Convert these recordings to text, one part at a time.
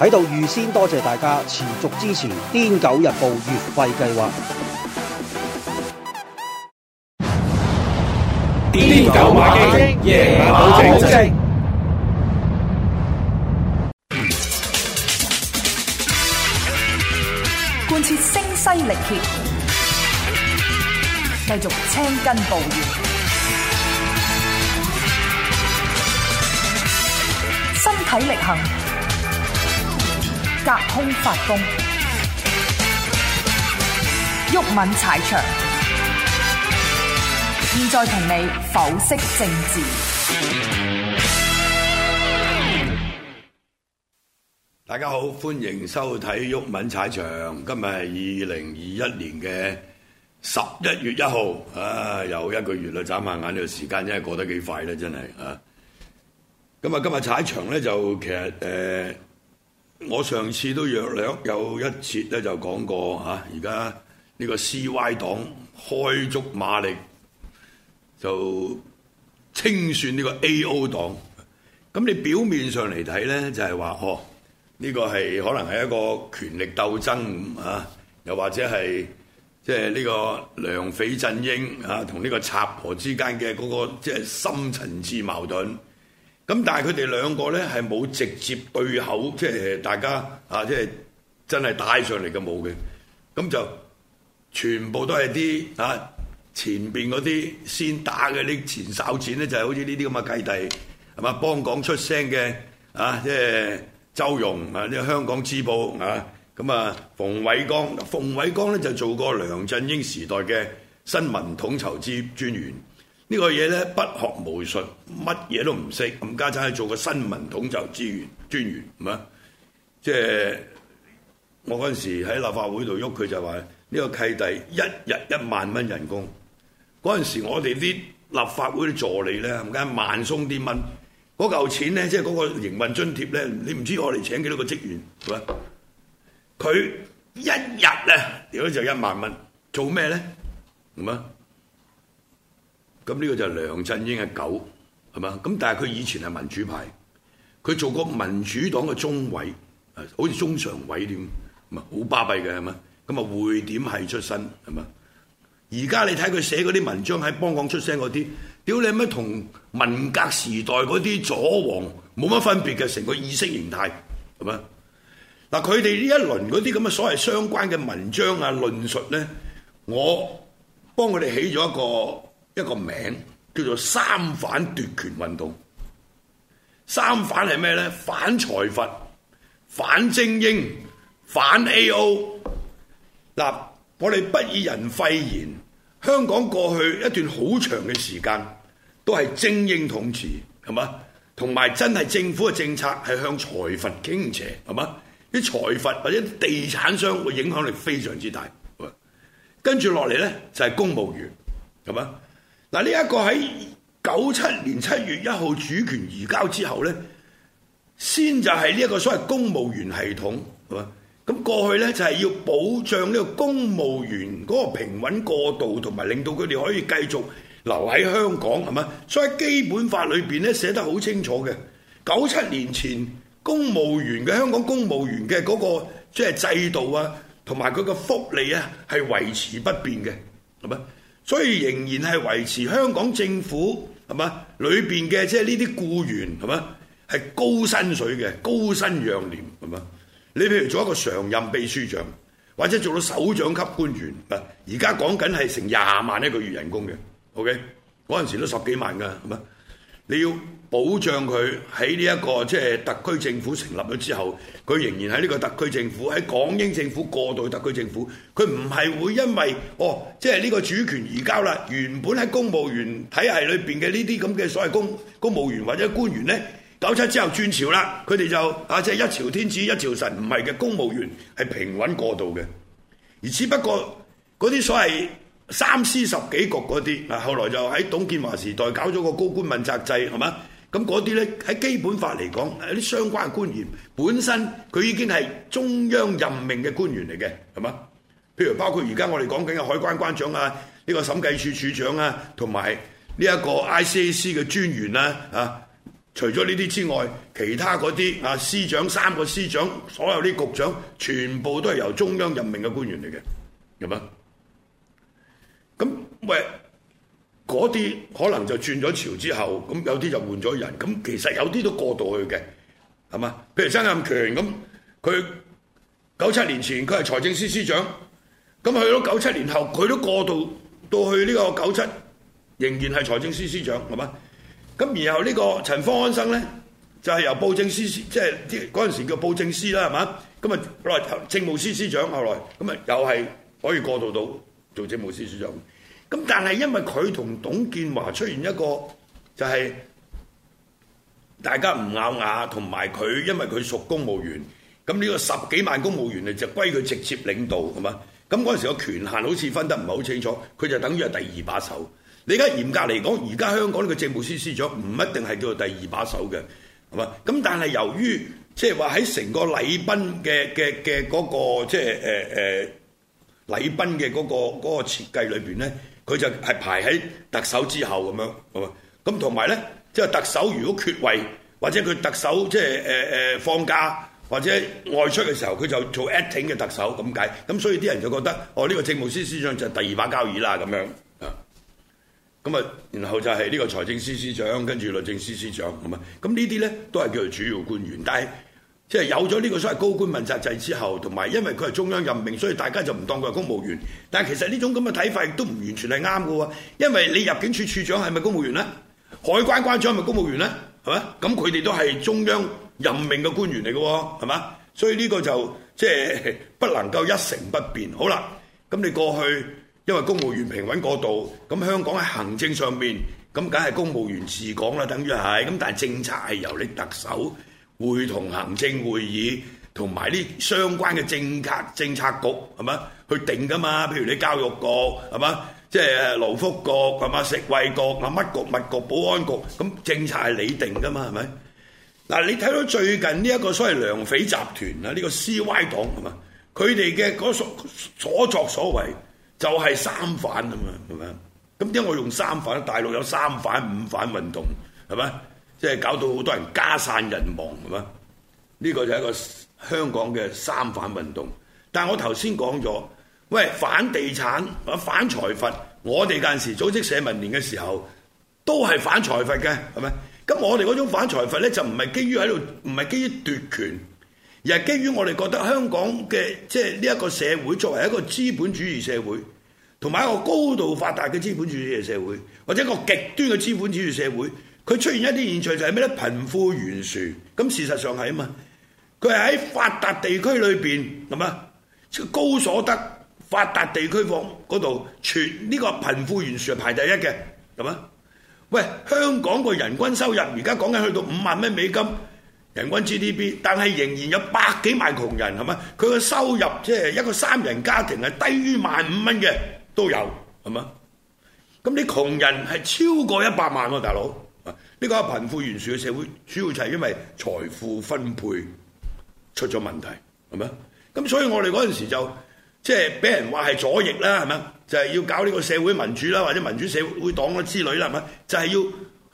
喺度預先多謝大家持續支持《癲狗日報》月費計劃。癲狗馬經，夜馬保證。貫徹聲嘶力竭，繼續青筋暴現，身體力行。隔空發功，毓民踩場，現在同你剖析政治。大家好，歡迎收睇毓民踩場。今日係二零二一年嘅十一月一號，啊，又一個月啦，眨下眼呢個時間真係過得幾快啦，真係啊。咁啊，今日踩場咧就其實誒。呃我上次都約略有一節咧，就講過嚇，而家呢個 C Y 黨開足馬力就清算呢個 A O 黨。咁你表面上嚟睇咧，就係、是、話哦，呢、這個係可能係一個權力鬥爭啊，又或者係即係呢個梁匪振英啊同呢個賊婆之間嘅嗰、那個即係、就是、深層次矛盾。咁但係佢哋兩個咧係冇直接對口，即係大家啊，即係真係打上嚟嘅冇嘅，咁就全部都係啲啊前邊嗰啲先打嘅啲前哨戰咧，就係、是、好似呢啲咁嘅契弟係嘛，幫港出聲嘅啊，即係周融，啊，啲香港支部。啊，咁啊，馮煒光，馮煒光咧就做過梁振英時代嘅新聞統籌資專員。呢個嘢咧不學無術，乜嘢都唔識，咁家陣去做個新聞統籌資源專員，係嘛？即係我嗰陣時喺立法會度喐，佢就話呢個契弟一日一萬蚊人工。嗰陣時我哋啲立法會啲助理咧，唔家萬鬆啲蚊，嗰嚿錢咧，即係嗰個營運津貼咧，你唔知我哋請幾多個職員，係嘛？佢一日咧，如果就一萬蚊，做咩咧？唔啊？咁呢個就係梁振英嘅狗係嘛？咁但係佢以前係民主派，佢做過民主黨嘅中委，好似中常委點，唔係好巴閉嘅係嘛？咁啊會點係出身係嘛？而家你睇佢寫嗰啲文章喺幫港出聲嗰啲，屌你乜同文革時代嗰啲左王冇乜分別嘅，成個意識形態係嘛？嗱，佢哋呢一輪嗰啲咁嘅所謂相關嘅文章啊論述咧，我幫佢哋起咗一個。一個名叫做三反奪權運動。三反係咩呢？反財閥、反精英、反 AO。嗱，我哋不以人廢言。香港過去一段好長嘅時間都係精英統治，係嘛？同埋真係政府嘅政策係向財閥傾斜，係嘛？啲財閥或者地產商會影響力非常之大。跟住落嚟，呢，就係公務員，係嘛？嗱呢一個喺九七年七月一號主權移交之後呢，先就係呢一個所謂公務員系統，係嘛？咁過去呢，就係要保障呢個公務員嗰個平穩過渡，同埋令到佢哋可以繼續留喺香港，係嘛？所以基本法裏邊呢，寫得好清楚嘅，九七年前公務員嘅香港公務員嘅嗰個即係制度啊，同埋佢個福利啊，係維持不變嘅，係咪？所以仍然係維持香港政府，係嘛，裏邊嘅即係呢啲僱員，係嘛，係高薪水嘅，高薪養廉，係嘛？你譬如做一個常任秘書長或者做到首長級官員，而家講緊係成廿萬一個月人工嘅，OK，嗰陣時都十幾萬㗎，係嘛？你要保障佢喺呢一個即係特區政府成立咗之後，佢仍然喺呢個特區政府，喺港英政府過渡特區政府，佢唔係會因為哦，即係呢個主權移交啦。原本喺公務員體系裏邊嘅呢啲咁嘅所謂公公務員、或者官員咧，九七之後轉朝啦，佢哋就啊即係一朝天子一朝臣，唔係嘅公務員係平穩過渡嘅，而只不過嗰啲所謂。三司十幾局嗰啲，嗱後來就喺董建華時代搞咗個高官問責制，係嘛？咁嗰啲呢，喺基本法嚟講，啲相關官員本身佢已經係中央任命嘅官員嚟嘅，係嘛？譬如包括而家我哋講緊嘅海關關長啊，呢個審計處處長啊，同埋呢一個 ICAC 嘅專員啊，嚇、啊。除咗呢啲之外，其他嗰啲啊司長、三個司長、所有啲局長，全部都係由中央任命嘅官員嚟嘅，係嘛？喂，嗰啲可能就轉咗朝之後，咁有啲就換咗人。咁其實有啲都過渡去嘅，係嘛？譬如曾蔭權咁，佢九七年前佢係財政司司長，咁去到九七年後，佢都過渡到去呢個九七，仍然係財政司司長，係嘛？咁然後呢個陳方安生咧，就係、是、由布政司司，即係啲嗰陣時叫布政司啦，係嘛？咁啊，後來政務司司長，後來咁啊，又係可以過渡到做政務司司長。咁但係因為佢同董建華出現一個就係大家唔咬牙，同埋佢因為佢屬公務員，咁呢個十幾萬公務員嚟就歸佢直接領導，係嘛？咁嗰陣時個權限好似分得唔係好清楚，佢就等於係第二把手。你而家嚴格嚟講，而家香港呢個政務司司長唔一定係叫做第二把手嘅，係嘛？咁但係由於即係話喺成個禮賓嘅嘅嘅嗰個即係誒誒禮賓嘅嗰個嗰個設計裏邊咧。佢就係排喺特首之後咁樣，咁同埋呢，即係特首如果缺位或者佢特首即係誒誒放假或者外出嘅時候，佢就做 acting 嘅特首咁解，咁所以啲人就覺得哦呢個政務司司長就第二把交椅啦咁樣，咁啊，然後就係呢個財政司司長，跟住律政司司長咁啊，咁呢啲呢，都係叫做主要官員，但係。即係有咗呢個所謂高官問責制之後，同埋因為佢係中央任命，所以大家就唔當佢係公務員。但係其實呢種咁嘅睇法亦都唔完全係啱嘅喎，因為你入境處處長係咪公務員呢？海關關長係咪公務員呢？係嘛？咁佢哋都係中央任命嘅官員嚟嘅喎，係嘛？所以呢個就即係不能夠一成不變。好啦，咁你過去因為公務員平穩過度，咁香港喺行政上面咁梗係公務員治港啦，等於係咁，但係政策係由你特首。會同行政會議同埋啲相關嘅政策政策局係嘛，去定㗎嘛？譬如你教育局係嘛，即係勞福局係嘛，食衞局啊，乜局乜局保安局，咁政策係你定㗎嘛？係咪？嗱，你睇到最近呢一個所謂梁匪集團啊，呢個 C Y 黨係嘛，佢哋嘅所所作所為就係三反啊嘛，係咪？咁點解我用三反？大陸有三反五反運動係咪？即係搞到好多人家散人亡係嘛？呢、這個就係一個香港嘅三反運動。但係我頭先講咗，喂，反地產啊，反財閥，我哋嗰陣時組織社民聯嘅時候，都係反財閥嘅，係咪？咁我哋嗰種反財閥呢，就唔係基於喺度，唔係基於奪權，而係基於我哋覺得香港嘅即係呢一個社會作為一個資本主義社會，同埋一個高度發達嘅資本主義社會，或者一個極端嘅資本主義社會。佢出現一啲現象就係咩咧？貧富懸殊，咁事實上係啊嘛。佢係喺發達地區裏邊，係嘛？高所得發達地區房嗰度，全呢、呢個貧富懸殊係排第一嘅，係嘛？喂，香港個人均收入而家講緊去到五萬蚊美金人均 GDP，但係仍然有百幾萬窮人，係嘛？佢個收入即係、就是、一個三人家庭係低於萬五蚊嘅都有，係嘛？咁啲窮人係超過一百萬喎、啊，大佬。呢個貧富懸殊嘅社會，主要就係因為財富分配出咗問題，係咪？咁所以我哋嗰陣時就即係俾人話係左翼啦，係咪？就係、是、要搞呢個社會民主啦，或者民主社會黨嘅之類啦，係咪？就係、是、要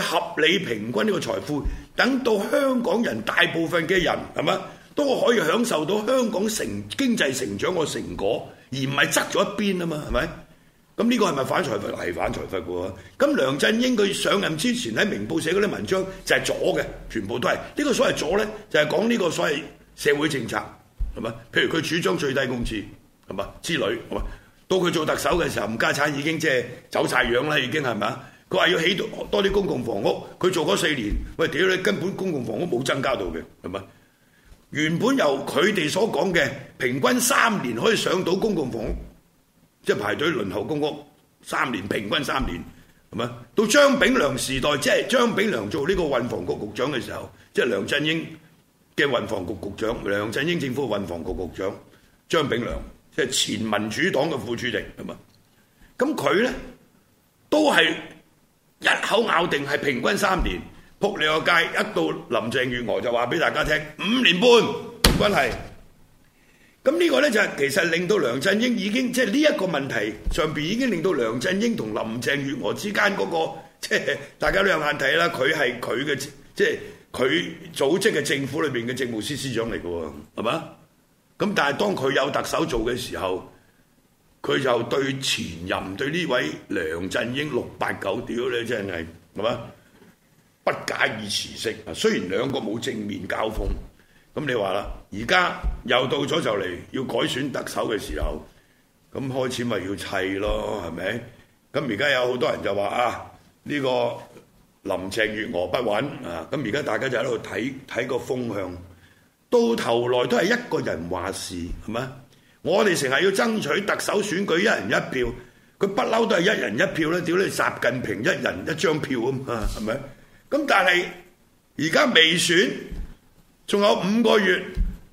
去合理平均呢個財富，等到香港人大部分嘅人係咪？都可以享受到香港成經濟成長嘅成果，而唔係側咗一邊啊嘛，係咪？咁呢個係咪反財閥？係反財閥嘅喎？咁梁振英佢上任之前喺明報寫嗰啲文章就係左嘅，全部都係呢、呢個所謂左呢，就係、係、講呢個所謂社會政策係咪？譬如佢主張最低工資係咪之類？係咪到佢做特首嘅時候，家產已經即係走晒樣啦，已經係咪啊？佢話要起多啲公共房屋，佢做咗四年，喂，屌你，根本公共房屋冇增加到嘅係咪？原本由佢哋所講嘅平均三年可以上到公共房屋。即係排隊輪候公屋三年，平均三年，係嘛？到張炳良時代，即係張炳良做呢個運房局局長嘅時候，即係梁振英嘅運房局局長，梁振英政府運房局局長張炳良，即係前民主黨嘅副主席，係嘛？咁佢咧都係一口咬定係平均三年，仆你個街，一到林鄭月娥就話俾大家聽五年半關係。咁呢個呢，就係其實令到梁振英已經即係呢一個問題上邊已經令到梁振英同林鄭月娥之間嗰個即係大家都有眼睇啦，佢係佢嘅即係佢組織嘅政府裏邊嘅政務司司長嚟嘅喎，係嘛？咁但係當佢有特首做嘅時候，佢就對前任對呢位梁振英六八九屌咧，真係係嘛？不假以辭色，雖然兩個冇正面交鋒。咁你話啦，而家又到咗就嚟要改選特首嘅時候，咁開始咪要砌咯，係咪？咁而家有好多人就話啊，呢個林鄭月娥不穩啊，咁而家大家就喺度睇睇個風向，到頭來都係一個人話事，係咪？我哋成日要爭取特首選舉一人一票，佢不嬲都係一人一票咧，屌你習近平一人一張票啊嘛，係咪？咁但係而家未選。仲有五個月，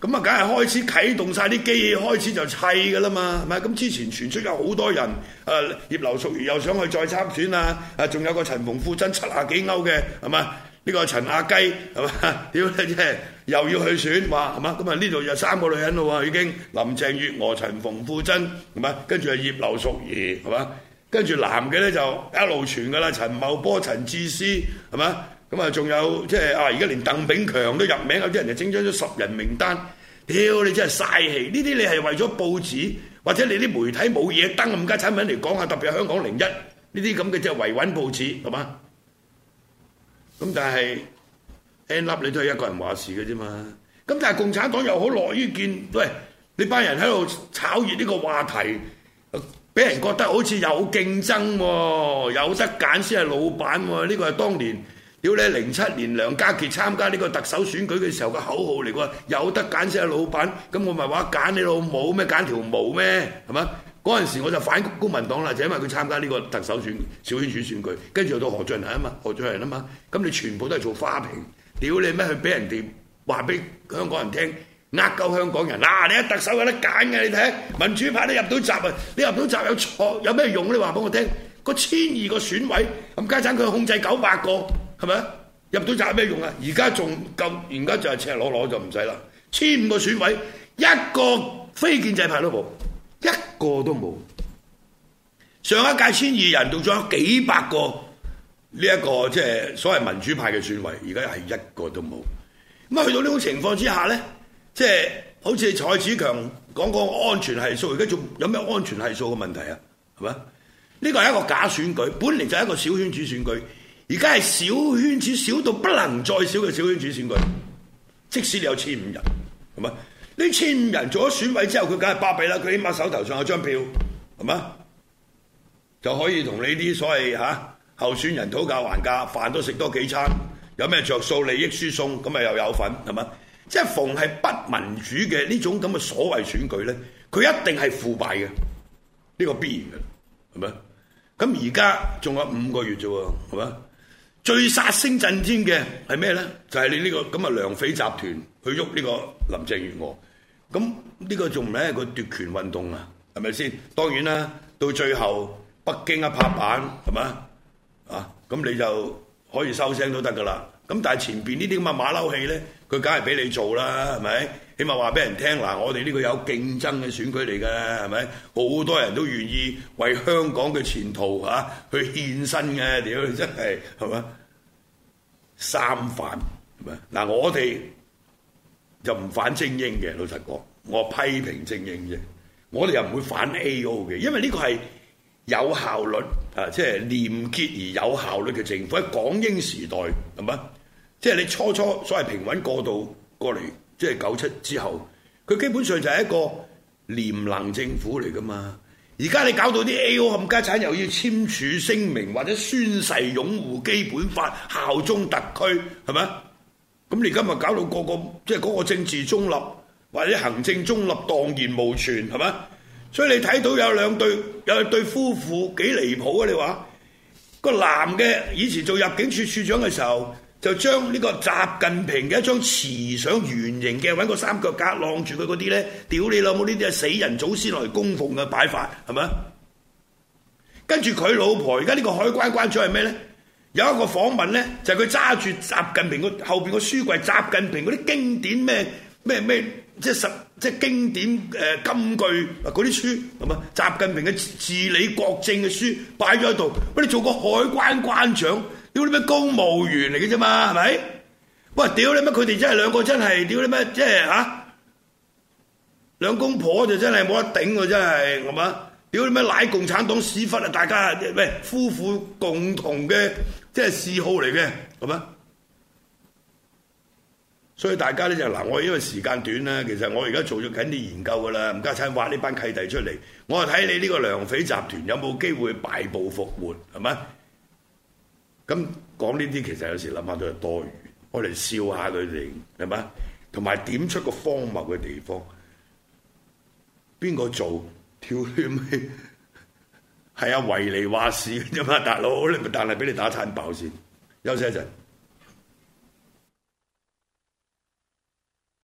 咁啊，梗係開始啟動晒啲機器，開始就砌嘅啦嘛，咪咁之前傳出有好多人，誒葉劉淑儀又想去再參選啊，啊仲有個陳馮富珍七啊幾歐嘅，係嘛？呢個陳亞雞係嘛？屌你爹，又要去選，話係嘛？咁啊呢度有三個女人咯喎，已經林鄭月娥、陳馮富珍係嘛，跟住啊葉劉淑儀係嘛，跟住男嘅咧就一路傳嘅啦，陳茂波、陳智思係嘛？咁啊，仲有即係啊！而家連鄧炳強都入名，有啲人就整咗十人名單。屌你真係晒氣！呢啲你係為咗報紙或者你啲媒體冇嘢登咁家產品嚟，講下，特別係香港零一呢啲咁嘅即係維穩報紙，係嘛？咁但係 N Lab 你都係一個人話事嘅啫嘛。咁但係共產黨又好樂於見，喂，你班人喺度炒熱呢個話題，俾人覺得好似有競爭喎，有得揀先係老闆喎。呢個係當年。屌你！零七年梁家傑參加呢個特首選舉嘅時候個口號嚟嘅喎，有得揀先係老闆，咁我咪話揀你老母咩？揀條毛咩？係嘛？嗰陣時我就反公民黨啦，就因為佢參加呢個特首選、小選舉選舉，跟住到何俊仁啊嘛，何俊仁啊嘛，咁你全部都係做花瓶，屌你咩？去俾人哋話俾香港人聽，呃鳩香港人嗱，你一特首有得揀嘅，你睇民主派都入到閘啊，你入到閘有錯有咩用咧？你話俾我聽，個千二個選委，咁家陣佢控制九百個。係咪入到閘有咩用啊？而家仲夠，而家就係赤裸裸就唔使啦。千五個選委，一個非建制派都冇，一個都冇。上一屆千二人到咗幾百個呢一個即係所謂民主派嘅選委，而家係一個都冇。咁啊，去到呢種情況之下咧，即係好似蔡子強講講安全係數，而家仲有咩安全系數嘅問題啊？係咪呢個係一個假選舉，本嚟就係一個小圈子選舉。而家係小圈子，小到不能再小嘅小圈子選舉。即使你有千五人，係咪呢千五人做咗選委之後，佢梗係巴閉啦。佢起碼手頭上有張票，係咪就可以同你啲所謂嚇、啊、候選人討價還價，飯都食多幾餐，有咩着數、利益輸送，咁咪又有份，係咪？即、就、係、係、逢係不民主嘅呢種咁嘅所謂選舉咧，佢一定係腐敗嘅，呢、呢個必然嘅，係咪？咁而家仲有五個月啫，係咪？最殺聲震天嘅係咩呢？就係、是、你呢個咁啊梁匪集團去喐呢個林鄭月娥，咁呢個仲唔係一個奪權運動啊？係咪先？當然啦，到最後北京一拍板，係咪啊？咁你就可以收聲都得噶啦。咁但係前邊呢啲咁嘅馬騮戲呢，佢梗係俾你做啦，係咪？起碼話俾人聽，嗱，我哋呢個有競爭嘅選舉嚟㗎，係咪？好多人都願意為香港嘅前途嚇去獻身嘅，屌真係係嘛？三反，嗱，我哋就唔反精英嘅，老實講，我批評精英啫。我哋又唔會反 AO 嘅，因為呢個係有效率嚇，即係廉潔而有效率嘅政府喺港英時代係嘛？即係、就是、你初初所謂平穩過渡過嚟。即係九七之後，佢基本上就係一個廉能政府嚟噶嘛。而家你搞到啲 A.O. 冚家產，又要簽署聲明或者宣誓擁護基本法、效忠特區，係咪？咁你而家咪搞到個、就是、個即係嗰個政治中立或者行政中立蕩然無存，係咪？所以你睇到有兩對有一對夫婦幾離譜啊？你話、個男嘅以前做入境處處長嘅時候。就將呢個習近平嘅一張瓷相圓形嘅，揾個三腳架晾住佢，嗰啲呢，屌你老母，呢啲係死人祖先來供奉嘅擺法，係咪？跟住佢老婆而家呢個海關關長係咩呢？有一個訪問呢，就係佢揸住習近平個後邊，個書櫃，習近平嗰啲經典咩咩咩，即係十即係經典誒、呃、金句嗰啲書，係咪？習近平嘅治理國政嘅書擺咗喺度，畀你做個海關關長。屌你咩公務員嚟嘅啫嘛，係咪？喂，屌你咩？佢哋真係兩個真係，屌你咩？即係吓？兩公婆就真係冇得頂喎、啊，真係係嘛？屌你咩？乃共產黨屎忽啊！大家咩？夫婦共同嘅即係嗜好嚟嘅，係嘛？所以大家咧就嗱、是，我因為時間短啦，其實我而家做咗緊啲研究噶啦，而家產挖呢班契弟出嚟，我係睇你呢個梁匪集團有冇機會敗部復活，係咪？咁講呢啲其實有時諗下都係多餘，我哋笑下佢哋係嘛，同埋點出個荒謬嘅地方，邊個做跳跳尾？係啊，維尼話事，大佬你咪但係俾你打餐飽先，休息一陣。